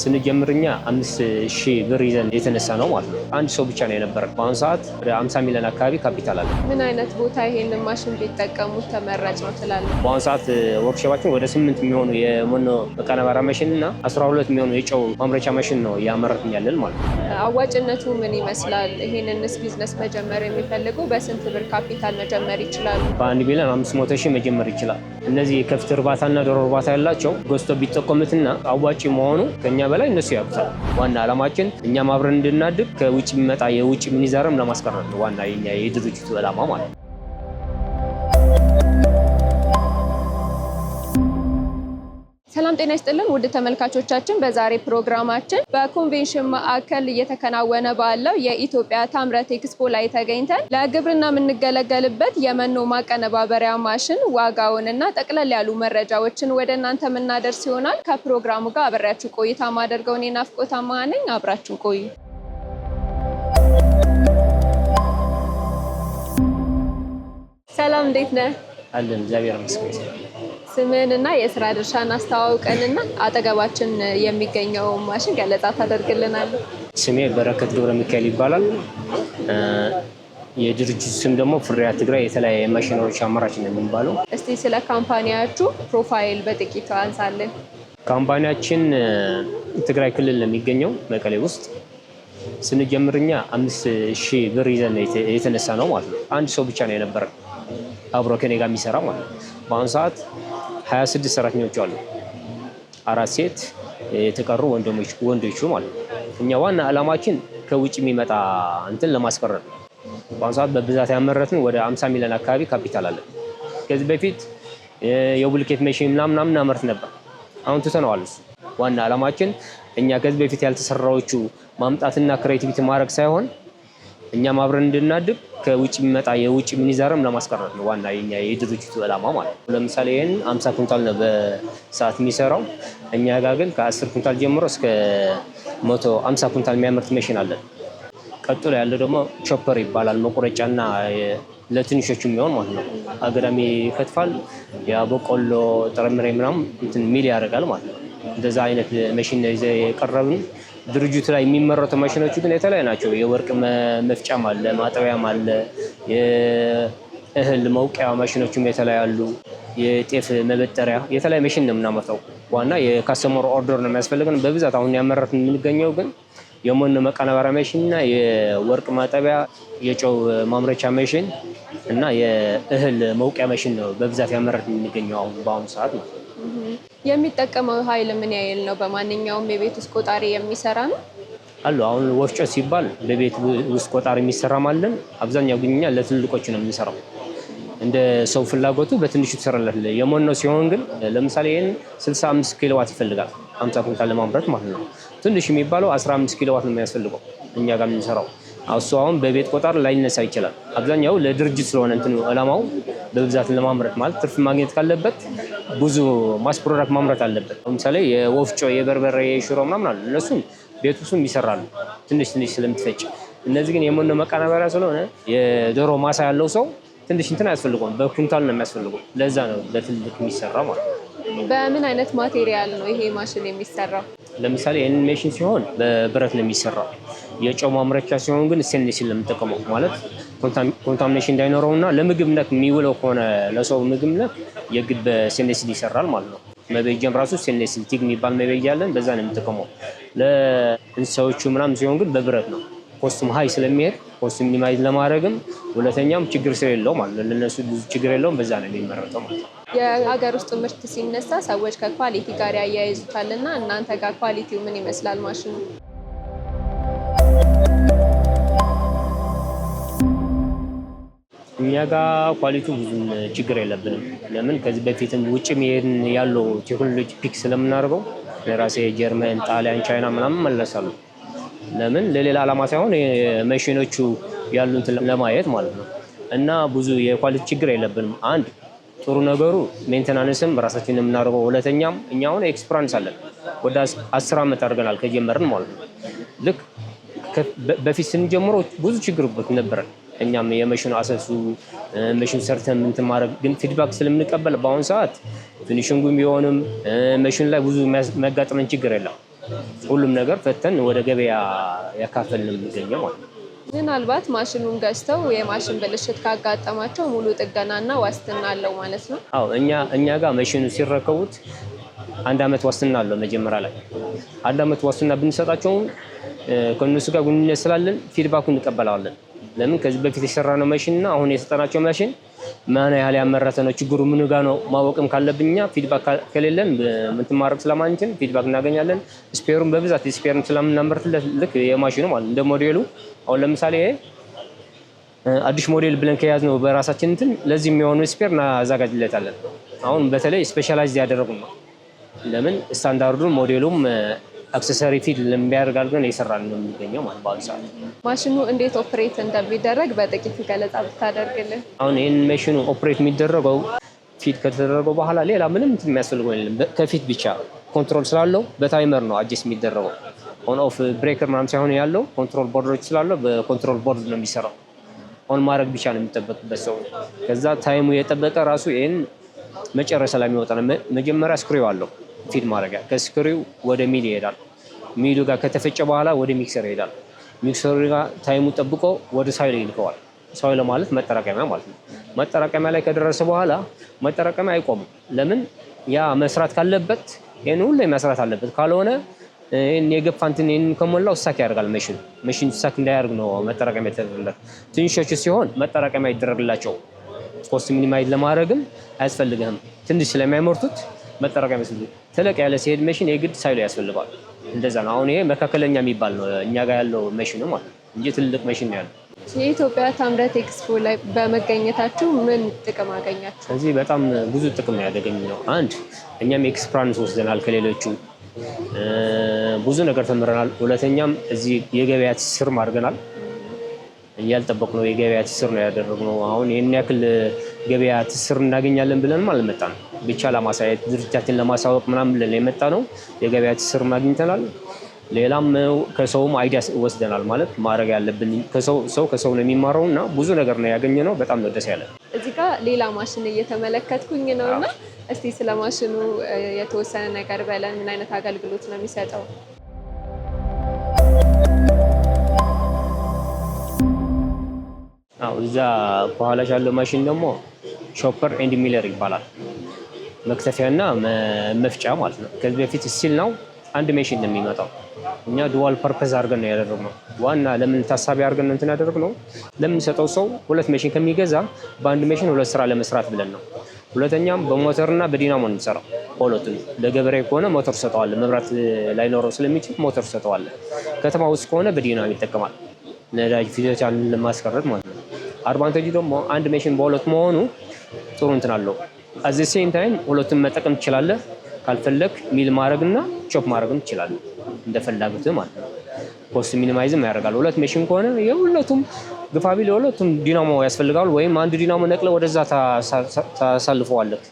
ስንጀምር እኛ አምስት ሺህ ብር ይዘን የተነሳ ነው ማለት ነው። አንድ ሰው ብቻ ነው የነበረ። በአሁኑ ሰዓት ወደ አምሳ ሚሊዮን አካባቢ ካፒታል አለ። ምን አይነት ቦታ ይሄንን ማሽን ቢጠቀሙት ተመራጭ ነው ትላለ? በአሁኑ ሰዓት ወርክሾፓችን ወደ ስምንት የሚሆኑ የመኖ መቀነባሪያ መሽን እና አስራ ሁለት የሚሆኑ የጨው ማምረቻ ማሽን ነው እያመረትን ያለን ማለት ነው። አዋጭነቱ ምን ይመስላል? ይሄንንስ ቢዝነስ መጀመር የሚፈልጉ በስንት ብር ካፒታል መጀመር ይችላሉ? በአንድ ሚሊዮን አምስት መቶ ሺህ መጀመር ይችላል። እነዚህ የከፍት እርባታና ዶሮ እርባታ ያላቸው ገዝቶ ቢጠቆምትና አዋጪ መሆኑ ከኛ በላይ እነሱ ያውቁታል። ዋና አላማችን እኛም አብረን እንድናድግ ከውጭ የሚመጣ የውጭ ምንዛርም ለማስቀረት ዋና የኛ የድርጅቱ ዓላማ ማለት ነው። ሰላም ጤና ይስጥልን ውድ ተመልካቾቻችን፣ በዛሬ ፕሮግራማችን በኮንቬንሽን ማዕከል እየተከናወነ ባለው የኢትዮጵያ ታምረት ኤክስፖ ላይ ተገኝተን ለግብርና የምንገለገልበት የመኖ ማቀነባበሪያ ማሽን ዋጋውን እና ጠቅለል ያሉ መረጃዎችን ወደ እናንተ የምናደርስ ይሆናል። ከፕሮግራሙ ጋር አብሬያችሁ ቆይታ ማደርገውን እኔ አማሃ ነኝ። አብራችሁ ቆዩ። ሰላም፣ እንዴት ነህ? አለን። እግዚአብሔር ይመስገን። እና የስራ ድርሻን አስተዋውቀንና አጠገባችን የሚገኘው ማሽን ገለጻ ታደርግልናል። ስሜ በረከት ገብረ ሚካኤል ይባላል። የድርጅቱ ስም ደግሞ ፍሪያ ትግራይ የተለያየ ማሽኖች አማራጭ ነው የሚባለው። እስቲ ስለ ካምፓኒያችሁ ፕሮፋይል በጥቂቱ አንሳለን። ካምፓኒያችን ትግራይ ክልል ነው የሚገኘው መቀሌ ውስጥ ስንጀምርኛ አምስት ሺህ ብር ይዘን የተነሳ ነው ማለት ነው። አንድ ሰው ብቻ ነው የነበረን አብሮ ከኔ ጋር የሚሰራ ማለት ነው። በአሁኑ ሰዓት 26 ሰራተኞች አሉ፣ አራት ሴት የተቀሩ ወንዶቹ ማለት ነው። እኛ ዋና ዓላማችን ከውጭ የሚመጣ እንትን ለማስቀረት ነው። በአሁኑ ሰዓት በብዛት ያመረትን ወደ 50 ሚሊዮን አካባቢ ካፒታል አለን። ከዚህ በፊት የቡልኬት መሽን ምናምን ምናምን እናመርት ነበር። አሁን ትተነዋል እሱ። ዋና አላማችን እኛ ከዚህ በፊት ያልተሰራዎቹ ማምጣትና ክሬቲቪቲ ማድረግ ሳይሆን እኛም አብረን እንድናድግ ከውጭ የሚመጣ የውጭ ምንዛረም ለማስቀረት ነው ዋና የኛ የድርጅቱ ዓላማ ማለት ነው። ለምሳሌ ይህን አምሳ ኩንታል ነው በሰዓት የሚሰራው። እኛ ጋር ግን ከአስር ኩንታል ጀምሮ እስከ መቶ አምሳ ኩንታል የሚያመርት መሽን አለን። ቀጥሎ ያለው ደግሞ ቾፐር ይባላል። መቁረጫና ለትንሾቹ የሚሆን ማለት ነው። አገዳሚ ይከትፋል። የበቆሎ ጥረምሬ ምናምን እንትን ሚል ያደርጋል ማለት ነው። እንደዛ አይነት መሽን ይዘ የቀረብን። ድርጅቱ ላይ የሚመረቱ ማሽኖቹ ግን የተለያዩ ናቸው። የወርቅ መፍጫም አለ፣ ማጠቢያም አለ፣ የእህል መውቂያ ማሽኖችም አሉ። የጤፍ መበጠሪያ የተለያዩ መሽን ነው የምናመርተው። ዋና የካስተመር ኦርደር ነው የሚያስፈልገን በብዛት አሁን ያመረት የምንገኘው ግን የሞኖ መቀነባሪያ ማሽንና የወርቅ ማጠቢያ፣ የጨው ማምረቻ መሽን እና የእህል መውቂያ መሽን ነው በብዛት ያመረት የምንገኘው አሁን በአሁኑ ሰዓት ነው። የሚጠቀመው ኃይል ምን ያህል ነው? በማንኛውም የቤት ውስጥ ቆጣሪ የሚሰራ ነው አሉ። አሁን ወፍጮ ሲባል በቤት ውስጥ ቆጣሪ የሚሰራም አለን። አብዛኛው ግን እኛ ነው የምንሰራው። እንደ ሰው ፍላጎቱ በትንሹ ትሰራለት። የሞን ነው ሲሆን ግን ለምሳሌ ይህን 65 ኪሎዋት ይፈልጋል 50 ኩንታል ለማምረት ማለት ነው። ትንሽ የሚባለው 15 ኪሎዋት ነው የሚያስፈልገው እኛ ጋር የምንሰራው እሱ አሁን በቤት ቆጣር ላይነሳ ይችላል። አብዛኛው ለድርጅት ስለሆነ እንትን ዓላማው በብዛት ለማምረት ማለት ትርፍ ማግኘት ካለበት ብዙ ማስ ፕሮዳክት ማምረት አለበት። ለምሳሌ የወፍጮ፣ የበርበሬ፣ የሽሮ ምናምን አሉ። እነሱም ቤት ውስጥም ይሰራሉ ትንሽ ትንሽ ስለምትፈጭ። እነዚህ ግን የመኖ መቀናበሪያ ስለሆነ የዶሮ ማሳ ያለው ሰው ትንሽ እንትን አያስፈልገውም። በኩንታል ነው የሚያስፈልገው። ለዛ ነው ለትልቅ የሚሰራ ማለት ነው። በምን አይነት ማቴሪያል ነው ይሄ ማሽን የሚሰራው? ለምሳሌ ሜሽን ሲሆን በብረት ነው የሚሰራው። የጨው ማምረቻ ሲሆን ግን ስቴንሌስ ስለምጠቀመው ማለት ኮንታሚኔሽን እንዳይኖረው እና ለምግብ ነክ የሚውለው ከሆነ ለሰው ምግብ ነክ የግድ በስቴንሌስ ይሰራል ማለት ነው። መቤጃም ራሱ ስቴንሌስ ቲግ የሚባል መቤጃ አለን። በዛ ነው የምንጠቀመው። ለእንስሳዎቹ ምናም ሲሆን ግን በብረት ነው። ኮስቱም ሀይ ስለሚሄድ ኮስቱም ሚኒማይዝ ለማድረግም ሁለተኛም ችግር ስለሌለው ማለት ነው። ለነሱ ብዙ ችግር የለውም። በዛ ነው የሚመረጠው ማለት ነው። የሀገር ውስጥ ምርት ሲነሳ ሰዎች ከኳሊቲ ጋር ያያይዙታል እና እናንተ ጋር ኳሊቲው ምን ይመስላል ማሽኑ? እኛ ጋር ኳሊቲ ብዙም ችግር የለብንም። ለምን ከዚህ በፊትም ውጭ ይሄን ያለው ቴክኖሎጂ ፒክ ስለምናደርገው ለራሴ ጀርመን፣ ጣሊያን፣ ቻይና ምናምን መለሳሉ። ለምን ለሌላ ዓላማ ሳይሆን መሽኖቹ ያሉትን ለማየት ማለት ነው። እና ብዙ የኳሊቲ ችግር የለብንም። አንድ ጥሩ ነገሩ ሜንተናንስም ራሳችን የምናደርገው፣ ሁለተኛም እኛ አሁን ኤክስፐራንስ አለን። ወደ አስር ዓመት አድርገናል ከጀመርን ማለት ነው። ልክ በፊት ስንጀምረው ብዙ ችግር ነበረን። እኛም የመሽኑ አሰሱ መሽን ሰርተን እንትን ማድረግ ግን ፊድባክ ስለምንቀበል በአሁኑ ሰዓት ፊኒሽንጉ ቢሆንም መሽን ላይ ብዙ መጋጠመን ችግር የለም። ሁሉም ነገር ፈተን ወደ ገበያ ያካፈልን የምንገኘው ማለት ነው። ምናልባት ማሽኑን ገዝተው የማሽን ብልሽት ካጋጠማቸው ሙሉ ጥገናና ዋስትና አለው ማለት ነው። አዎ እኛ እኛ ጋር መሽኑ ሲረከቡት አንድ አመት ዋስትና አለው። መጀመሪያ ላይ አንድ አመት ዋስትና ብንሰጣቸውም ከእነሱ ጋር ግንኙነት ስላለን ፊድባኩ እንቀበላለን። ለምን ከዚህ በፊት የሰራ ነው ማሽን እና አሁን የሰጠናቸው ማሽን ማን ያህል ያመረተ ነው ችግሩ ምን ጋ ነው ማወቅም ካለብኛ ፊድባክ ከሌለን እንትን ማድረግ ስለማንችል ፊድባክ እናገኛለን። ስፔሩን በብዛት ስፔሩን ስለምናመርትለት ልክ የማሽኑ ማለት እንደ ሞዴሉ አሁን ለምሳሌ አዲስ ሞዴል ብለን ከያዝ ነው በራሳችን እንትን ለዚህ የሚሆኑ ስፔር እናዘጋጅለታለን። አሁን በተለይ ስፔሻላይዝ ያደረጉ ነው ለምን ስታንዳርዱን ሞዴሉም አክሰሰሪ ፊድ የሚያደርግ አድርገን የሰራን ነው የሚገኘው ማለት በአሁኑ ሰዓት። ማሽኑ እንዴት ኦፕሬት እንደሚደረግ በጥቂት ገለጻ ብታደርግልን። አሁን ይህን መሽኑ ኦፕሬት የሚደረገው ፊት ከተደረገው በኋላ ሌላ ምንም የሚያስፈልገው የለም። ከፊት ብቻ ኮንትሮል ስላለው በታይመር ነው አጀስት የሚደረገው። ኦን ኦፍ ብሬከር ምናምን ሳይሆን ያለው ኮንትሮል ቦርዶች ስላለው በኮንትሮል ቦርድ ነው የሚሰራው። ኦን ማድረግ ብቻ ነው የሚጠበቅበት ሰው። ከዛ ታይሙ የጠበቀ ራሱ ይህን መጨረሻ ላይ የሚወጣ ነው። መጀመሪያ ስክሪው አለው ፊድ ማድረጊያ ከስክሪው ወደ ሚል ይሄዳል። ሚሉ ጋር ከተፈጨ በኋላ ወደ ሚክሰር ይሄዳል። ሚክሰሩ ጋር ታይሙ ጠብቆ ወደ ሳይል ይልከዋል። ሳይል ማለት መጠራቀሚያ ማለት ነው። መጠራቀሚያ ላይ ከደረሰ በኋላ መጠራቀሚያ አይቆምም። ለምን ያ መስራት ካለበት ይህን ሁሉ መስራት አለበት። ካልሆነ ይህን የገፋንትን ይህን ከሞላው ሳክ ያደርጋል። መሽን መሽን ሳክ እንዳያደርግ ነው መጠራቀሚያ የተደረገለት። ትንሾቹ ሲሆን መጠራቀሚያ ይደረግላቸው። ኮስት ሚኒማይዝ ለማድረግም አያስፈልግህም። ትንሽ ስለሚያመርቱት መጠራቀሚያ ስለሚ ተለቅ ያለ ሲሄድ መሽን የግድ ሳይሎ ያስፈልገዋል። እንደዛ ነው። አሁን ይሄ መካከለኛ የሚባል ነው እኛ ጋር ያለው መሽን ማለት እንጂ ትልቅ መሽን ነው ያለው። የኢትዮጵያ ታምረት ኤክስፖ ላይ በመገኘታችሁ ምን ጥቅም አገኛችሁ? ከዚህ በጣም ብዙ ጥቅም ያደገኝ ነው። አንድ እኛም ኤክስፕራንስ ወስደናል ከሌሎቹ ብዙ ነገር ተምረናል። ሁለተኛም እዚህ የገበያ ትስስር አድርገናል። ነው የገበያ ትስስር ነው ያደረግነው። አሁን ይህን ያክል ገበያ ትስስር እናገኛለን ብለንም አልመጣም። ብቻ ለማሳየት ድርጅታችን ለማሳወቅ ምናምን ብለን የመጣ ነው። የገበያ ስር አግኝተናል። ሌላም ከሰውም አይዲያ ወስደናል። ማለት ማድረግ ያለብን ሰው ከሰው ነው የሚማረው እና ብዙ ነገር ነው ያገኘ ነው። በጣም ነው ደስ ያለ። እዚህ ጋ ሌላ ማሽን እየተመለከትኩኝ ነው እና እስቲ ስለ ማሽኑ የተወሰነ ነገር በለን። ምን አይነት አገልግሎት ነው የሚሰጠው? እዛ በኋላ ያለው ማሽን ደግሞ ሾፐር ኤንድ ሚለር ይባላል። መክተፊያና መፍጫ ማለት ነው። ከዚህ በፊት ስቲል ነው አንድ ሜሽን ነው የሚመጣው። እኛ ዱዋል ፐርፐዝ አድርገን ነው ያደረግነው። ዋና ለምን ታሳቢ አድርገን ነው እንትን ያደረግነው ለምንሰጠው ሰው ሁለት ሜሽን ከሚገዛ በአንድ ሜሽን ሁለት ስራ ለመስራት ብለን ነው። ሁለተኛም በሞተርና በዲናሞ ነው የሚሰራው። ሁለቱም ለገበሬ ከሆነ ሞተር ሰጠዋለ፣ መብራት ላይኖረው ስለሚችል ሞተር ሰጠዋለ። ከተማ ውስጥ ከሆነ በዲናሞ ይጠቀማል፣ ነዳጅ ፍጆታን ለማስቀረት ማለት ነው። አድቫንቴጁ ደግሞ አንድ ሜሽን በሁለት መሆኑ ጥሩ እንትን አለው። አዚ ሴም ታይም ሁለቱን መጠቀም ትችላለህ። ካልፈለግ ሚል ማድረግና ቾፕ ማድረግም ትችላለህ እንደፈላጉት ማለት ነው። ኮስት ሚኒማይዝም ያደርጋል። ሁለት ሜሽን ከሆነ የሁለቱም ግፋቢ ለሁለቱም ዲናሞ ያስፈልጋል። ወይም አንድ ዲናሞ ነቅለ ወደዛ ታሳልፈዋለህ።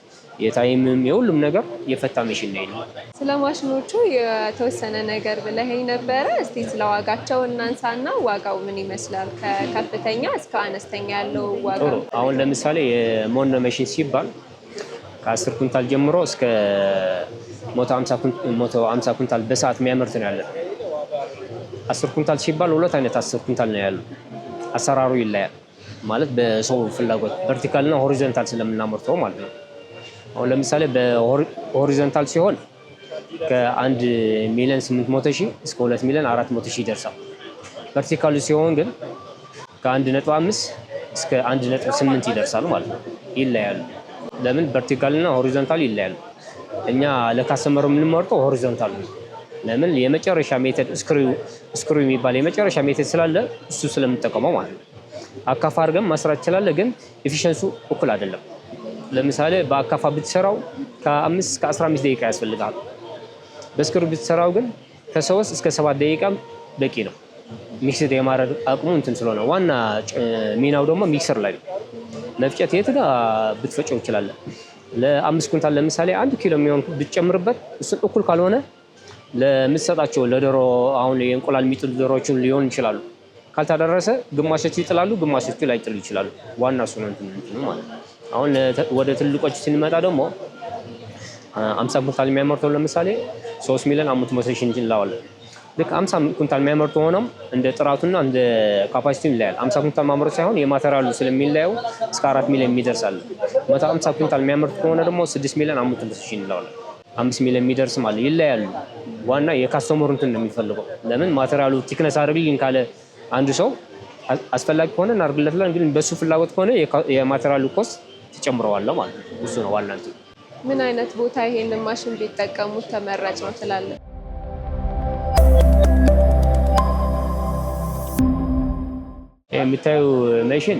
የታይምም የሁሉም ነገር የፈታ ሜሽን ነው። ስለ ማሽኖቹ የተወሰነ ነገር ብለኸኝ ነበረ። እስቲ ስለ ዋጋቸው እናንሳና ዋጋው ምን ይመስላል? ከከፍተኛ እስከ አነስተኛ ያለው ዋጋ አሁን ለምሳሌ የሞኖ ሜሽን ሲባል ከአስር ኩንታል ጀምሮ እስከ ሞቶ ሀምሳ ኩንታል በሰዓት የሚያመርት ነው ያለ። አስር ኩንታል ሲባል ሁለት አይነት አስር ኩንታል ነው ያሉ። አሰራሩ ይለያል ማለት በሰው ፍላጎት ቨርቲካል እና ሆሪዞንታል ስለምናመርተው ማለት ነው። አሁን ለምሳሌ በሆሪዘንታል ሲሆን ከአንድ ሚሊዮን ስምንት መቶ ሺህ እስከ ሁለት ሚሊዮን አራት ሞቶ ሺህ ይደርሳል። ቨርቲካሉ ሲሆን ግን ከአንድ ነጥብ አምስት እስከ አንድ ነጥብ ስምንት ይደርሳል ማለት ነው። ይለያሉ። ለምን እና ሆሪዞንታል ይለያል። እኛ ለካስተመሩ የምንመርጠው ሆሪዞንታል ነው። ለምን የመጨረሻ ሜተድ ስክሩ የሚባል የመጨረሻ ሜተድ ስላለ እሱ ስለምንጠቀመው ማለት ነው። አካፋ አድርገን ማስራት ይችላለ፣ ግን ኤፊሽንሱ እኩል አይደለም። ለምሳሌ በአካፋ ብትሰራው ከአምስት እስከ 15 ደቂቃ ያስፈልጋል። በስክሩ ብትሰራው ግን ከሶስት እስከ ሰባት ደቂቃ በቂ ነው። ሚክስድ የማድረግ አቅሙ እንትን ስለሆነ ዋና ሚናው ደግሞ ሚክሰር ላይ ነው። መፍጨት የት ጋ ብትፈጨው ይችላለን። ለአምስት ኩንታል ለምሳሌ አንድ ኪሎ የሚሆን ብትጨምርበት እሱን እኩል ካልሆነ ለምትሰጣቸው ለዶሮ አሁን የእንቁላል የሚጥሉ ዶሮዎችን ሊሆን ይችላሉ ካልተደረሰ ግማሾቹ ይጥላሉ፣ ግማሾቹ ላይጥሉ ይችላሉ። ዋና እሱ ነው ማለት ነው። አሁን ወደ ትልቆች ስንመጣ ደግሞ አምሳ ኩንታል የሚያመርተው ለምሳሌ ሶስት ሚሊዮን አምስት መቶ ሺህ ልክ አምሳ ኩንታል የሚያመርቱ ሆኖም እንደ ጥራቱና እንደ ካፓሲቲው ይለያል። አምሳ ኩንታል ማምረት ሳይሆን የማቴሪያሉ ስለሚለያው እስከ አራት ሚሊዮን የሚደርሳል። መቶ አምሳ ኩንታል የሚያመርቱ ከሆነ ደግሞ ስድስት ሚሊዮን አምስት መቶ ሺህ እንለዋለን። አምስት ሚሊዮን የሚደርስም አለ። ይለያሉ። ዋና የካስተመሩ እንትን ነው የሚፈልገው። ለምን ማቴሪያሉ ቲክነስ አድርግኝ ካለ አንዱ ሰው አስፈላጊ ከሆነ እናድርግለትለን፣ ግን በሱ ፍላጎት ከሆነ የማቴሪያሉ ኮስት ተጨምረዋለሁ ማለት ነው። እሱ ነው ዋና እንትን። ምን አይነት ቦታ ይሄንን ማሽን ቢጠቀሙት ተመራጭ ነው ትላለን? የምታዩ ሜሽን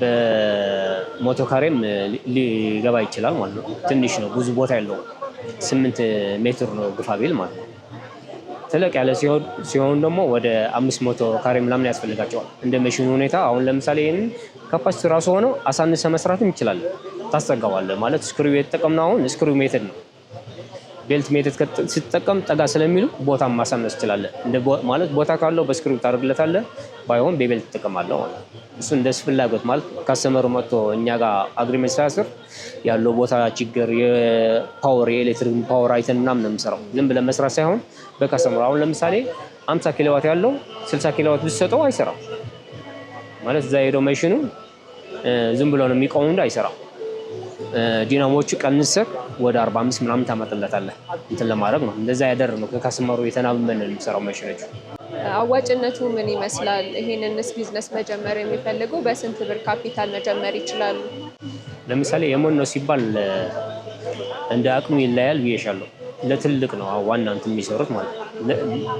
በሞቶካሬም ሊገባ ይችላል ማለት ነው። ትንሽ ነው፣ ብዙ ቦታ የለውም። ስምንት ሜትር ነው ግፋቢል ማለት ነው። ተለቅ ያለ ሲሆን ደግሞ ወደ አምስት መቶ ካሬ ምናምን ያስፈልጋቸዋል እንደ መሽኑ ሁኔታ። አሁን ለምሳሌ ይህን ካፓሲቲ ራሱ ሆነው አሳንሰ መስራትም ይችላል። ታስጠጋዋለ ማለት ስክሪው የተጠቀምነው አሁን ስክሪው ሜትድ ነው ቤልት ሜት ሲጠቀም ጠጋ ስለሚሉ ቦታ ማሳነስ ይችላለን። ማለት ቦታ ካለው በስክሪው ታደርግለታለህ፣ ባይሆን በቤልት ትጠቀማለህ ማለት እሱ እንደ ስፍላጎት ማለት ካስተመሩ መጥቶ እኛ ጋር አግሪመንት ሳያስር ያለው ቦታ ችግር የፓወር የኤሌክትሪክ ፓወር አይተን ምናምን ነው የምሰራው። ዝም ብለህ መስራት ሳይሆን በካስተመሩ አሁን ለምሳሌ አምሳ ኪሎዋት ያለው ስልሳ ኪሎዋት ብትሰጠው አይሰራም ማለት እዛ ሄደው መሽኑ ዝም ብሎ ነው የሚቆሙ እንደ አይሰራም። ዲናሞቹ ቀንሰህ ወደ 45 ምናምን ታመጥለታለህ። እንትን ለማድረግ ነው እንደዛ ያደር ነው ከከስተመሩ የተናበበን የሚሰራው ማሽኖች። አዋጭነቱ ምን ይመስላል? ይሄንንስ ቢዝነስ መጀመር የሚፈልጉ በስንት ብር ካፒታል መጀመር ይችላሉ? ለምሳሌ የሞን ነው ሲባል እንደ አቅሙ ይለያል ብዬሻለሁ። ለትልቅ ነው ዋና እንትን የሚሰሩት ማለት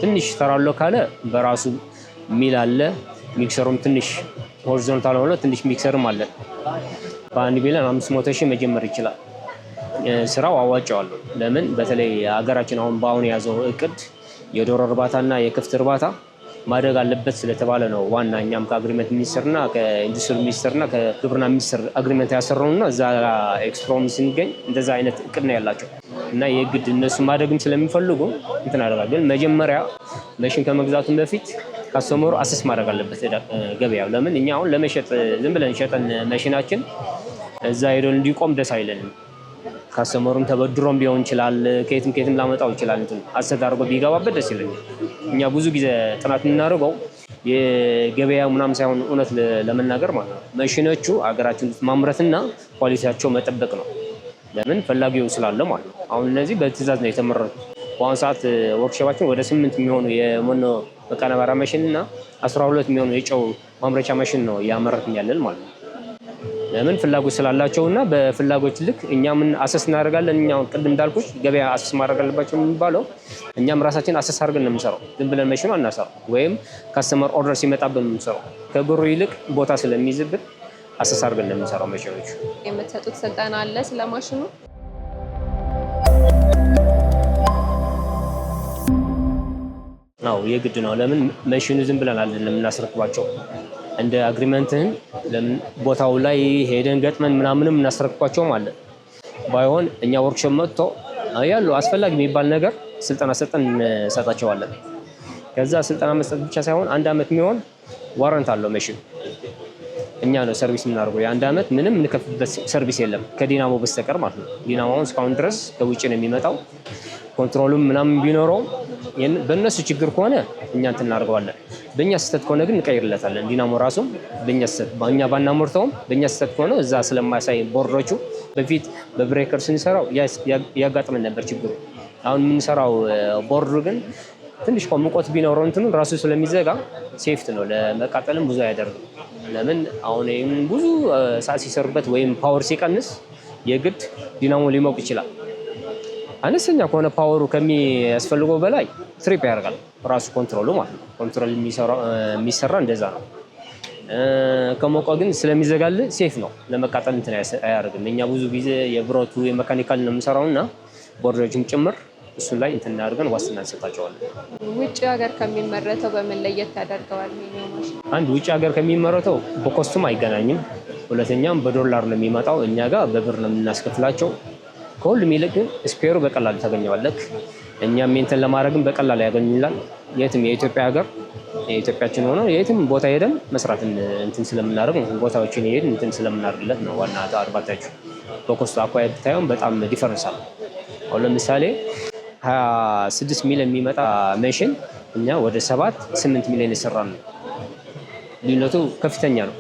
ትንሽ ሰራለሁ ካለ በራሱ ሚል አለ። ሚክሰሩም ትንሽ ሆሪዞንታል ሆኖ ትንሽ ሚክሰርም አለ። በአንድ ሚሊዮን አምስት መቶ ሺህ መጀመር ይችላል። ስራው አዋጫዋለሁ። ለምን በተለይ ሀገራችን አሁን በአሁን የያዘው እቅድ የዶሮ እርባታና የክፍት እርባታ ማደግ አለበት ስለተባለ ነው። ዋና እኛም ከአግሪመንት ሚኒስትርና ከኢንዱስትሪ ሚኒስትርና ከግብርና ሚኒስትር አግሪመንት ያሰረውና እዛ ኤክስፕሮም ስንገኝ እንደዛ አይነት እቅድ ነው ያላቸው እና የግድ እነሱ ማደግም ስለሚፈልጉ እንትን አደርጋለሁ። ግን መጀመሪያ መሽን ከመግዛቱን በፊት ካስተመሩ አሰስ ማድረግ አለበት ገበያው። ለምን እኛ አሁን ለመሸጥ ዝም ብለን ሸጠን መሽናችን እዛ ሄደን እንዲቆም ደስ አይለንም። ካስተመሩም ተበድሮም ቢሆን ይችላል። ከየትም ከየትም ላመጣው ይችላል። እንትን አሰት አድርጎ ቢገባበት ደስ ይለኛል። እኛ ብዙ ጊዜ ጥናት የምናደርገው የገበያ ምናምን ሳይሆን እውነት ለመናገር ማለት ነው መሽኖቹ ሀገራችን ውስጥ ማምረትና ኳሊቲያቸው መጠበቅ ነው። ለምን ፈላጊው ስላለ ማለት ነው። አሁን እነዚህ በትዕዛዝ ነው የተመረቱ። በአሁኑ ሰዓት ወርክሾፓችን ወደ ስምንት የሚሆኑ የመኖ መቀነባሪያ መሽን እና አስራ ሁለት የሚሆኑ የጨው ማምረቻ መሽን ነው እያመረትን ያለን ማለት ነው። ለምን ፍላጎት ስላላቸው እና በፍላጎት ልክ እኛም አሰስ እናደርጋለን። እኛ ቅድም እንዳልኩሽ ገበያ አሰስ ማድረግ አለባቸው የሚባለው እኛም ራሳችን አሰስ አድርገን ነው የምንሰራው። ዝም ብለን መሽኑ አናሰራው፣ ወይም ካስተመር ኦርደር ሲመጣብን የምንሰራው ከብሩ ይልቅ ቦታ ስለሚይዝብን አሰስ አድርገን ነው የምንሰራው። መሽኖች የምትሰጡት ስልጠና አለ ማሽኑ? አዎ የግድ ነው። ለምን መሽኑ ዝም ብለን አለን የምናስረክባቸው እንደ አግሪመንትህን ቦታው ላይ ሄደን ገጥመን ምናምንም እናስረክቧቸውም አለ። ባይሆን እኛ ወርክሾፕ መጥቶ ያሉ አስፈላጊ የሚባል ነገር ስልጠና ሰጠን እንሰጣቸዋለን። ከዛ ስልጠና መስጠት ብቻ ሳይሆን አንድ አመት የሚሆን ዋረንት አለው መሽን እኛ ነው ሰርቪስ የምናደርገው። የአንድ ዓመት ምንም እንከፍበት ሰርቪስ የለም ከዲናሞ በስተቀር ማለት ነው። ዲናሞ አሁን እስካሁን ድረስ ከውጭ ነው የሚመጣው። ኮንትሮልም ምናምን ቢኖረው በእነሱ ችግር ከሆነ እኛ እንትን እናደርገዋለን። በእኛ ስህተት ከሆነ ግን እንቀይርለታለን። ዲናሞ ራሱም በእኛ ስህተት እኛ በእኛ ስህተት ከሆነ እዛ ስለማያሳይ ቦርዶቹ በፊት በብሬከር ስንሰራው ያጋጥመን ነበር ችግሩ። አሁን የምንሰራው ቦርዱ ግን ትንሽ ሙቀት ቢኖረው እንትኑ ራሱ ስለሚዘጋ ሴፍት ነው። ለመቃጠልም ብዙ አያደርግም። ለምን አሁን ብዙ ሰዓት ሲሰሩበት ወይም ፓወር ሲቀንስ የግድ ዲናሞ ሊሞቅ ይችላል። አነስተኛ ከሆነ ፓወሩ ከሚያስፈልገው በላይ ትሪፕ ያደርጋል ራሱ ኮንትሮሉ ማለት ነው። ኮንትሮል የሚሰራ እንደዛ ነው። ከሞቀ ግን ስለሚዘጋል ሴፍ ነው። ለመቃጠል እንትን አያደርግም። እኛ ብዙ ጊዜ የብረቱ የመካኒካል ነው የምንሰራው እና ቦርዶችም ጭምር እሱን ላይ እንትን እናደርገን ዋስትና እንሰጣቸዋለን። ውጭ ሀገር ከሚመረተው በምን ለየት ያደርገዋል? አንድ ውጭ ሀገር ከሚመረተው በኮስቱም አይገናኝም። ሁለተኛም በዶላር ነው የሚመጣው። እኛ ጋር በብር ነው የምናስከፍላቸው። ከሁሉም ይልቅ ግን ስፔሩ በቀላል ታገኘዋለክ። እኛም ሜንተን ለማድረግም በቀላል ያገኝላል። የትም የኢትዮጵያ ሀገር የኢትዮጵያችን ሆነ የትም ቦታ ሄደን መስራትን እንትን ስለምናደርግ ነው። ቦታዎችን ሄድ እንትን ስለምናደርግለት ነው። ዋና አድቫንታጁ በኮስቱ አኳያ ብታየውም በጣም ዲፈረንስ አለ። አሁን ለምሳሌ ሀያ ስድስት ሚሊዮን የሚመጣ መሽን እኛ ወደ ሰባት ስምንት ሚሊዮን የሰራ ነው። ልዩነቱ ከፍተኛ ነው።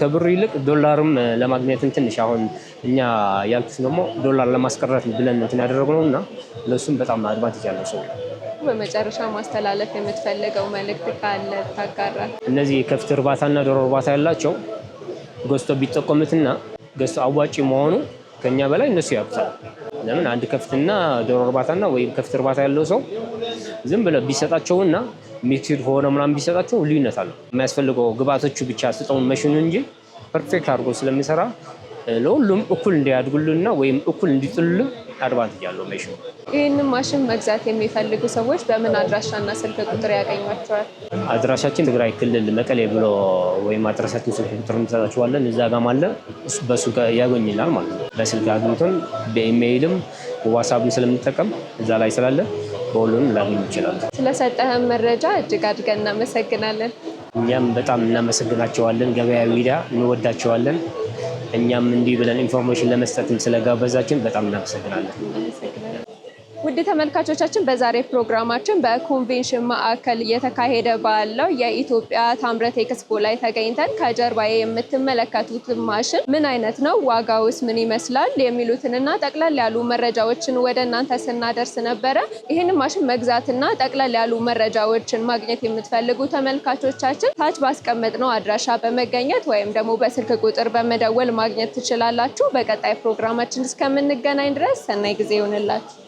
ከብሩ ይልቅ ዶላርም ለማግኘትን ትንሽ አሁን እኛ ያልኩት ደግሞ ዶላር ለማስቀረት ብለን እንትን ነው እና ለእሱም በጣም አድቫንቴጅ ያለው ሰው በመጨረሻ ማስተላለፍ የምትፈልገው መልእክት ካለ ታጋራ። እነዚህ የከብት እርባታና ዶሮ እርባታ ያላቸው ገዝቶ ቢጠቆምትና ገዝቶ አዋጪ መሆኑ ከኛ በላይ እነሱ ያውቁታል። ለምን አንድ ከፍትና ዶሮ እርባታና ወይም ከፍት እርባታ ያለው ሰው ዝም ብለው ቢሰጣቸውና ሜትድ ሆነ ምናምን ቢሰጣቸው ልዩነት አለው። የሚያስፈልገው ግብአቶቹ ብቻ ስጠውን መሽኑ እንጂ ፐርፌክት አድርጎ ስለሚሰራ ለሁሉም እኩል እንዲያድጉልና ወይም እኩል እንዲጥሉልን አድቫንቴጅ እያለው መሽኑ። ይህንን ማሽን መግዛት የሚፈልጉ ሰዎች በምን አድራሻና ስልክ ቁጥር ያገኟቸዋል? አድራሻችን ትግራይ ክልል መቀሌ ብሎ ወይም አድራሻችን ስልክ ቁጥር እንሰጣችኋለን። እዛ ጋም አለ፣ በሱ ያገኝናል ማለት ነው። በስልክ አግኝቶን በኢሜይልም ዋሳብም ስለምንጠቀም እዛ ላይ ስላለን በሁሉንም ላገኙ ይችላሉ። ስለሰጠህን መረጃ እጅግ አድርገን እናመሰግናለን። እኛም በጣም እናመሰግናቸዋለን። ገበያ ሚዲያ እንወዳቸዋለን። እኛም እንዲህ ብለን ኢንፎርሜሽን ለመስጠትም ስለጋበዛችን በጣም እናመሰግናለን። ውድ ተመልካቾቻችን በዛሬ ፕሮግራማችን በኮንቬንሽን ማዕከል እየተካሄደ ባለው የኢትዮጵያ ታምረት ኤክስፖ ላይ ተገኝተን ከጀርባዬ የምትመለከቱት ማሽን ምን አይነት ነው፣ ዋጋውስ ምን ይመስላል የሚሉትንና ጠቅላል ያሉ መረጃዎችን ወደ እናንተ ስናደርስ ነበረ። ይህን ማሽን መግዛትና ጠቅለል ያሉ መረጃዎችን ማግኘት የምትፈልጉ ተመልካቾቻችን ታች ባስቀመጥነው አድራሻ በመገኘት ወይም ደግሞ በስልክ ቁጥር በመደወል ማግኘት ትችላላችሁ። በቀጣይ ፕሮግራማችን እስከምንገናኝ ድረስ ሰናይ ጊዜ ይሆንላችሁ።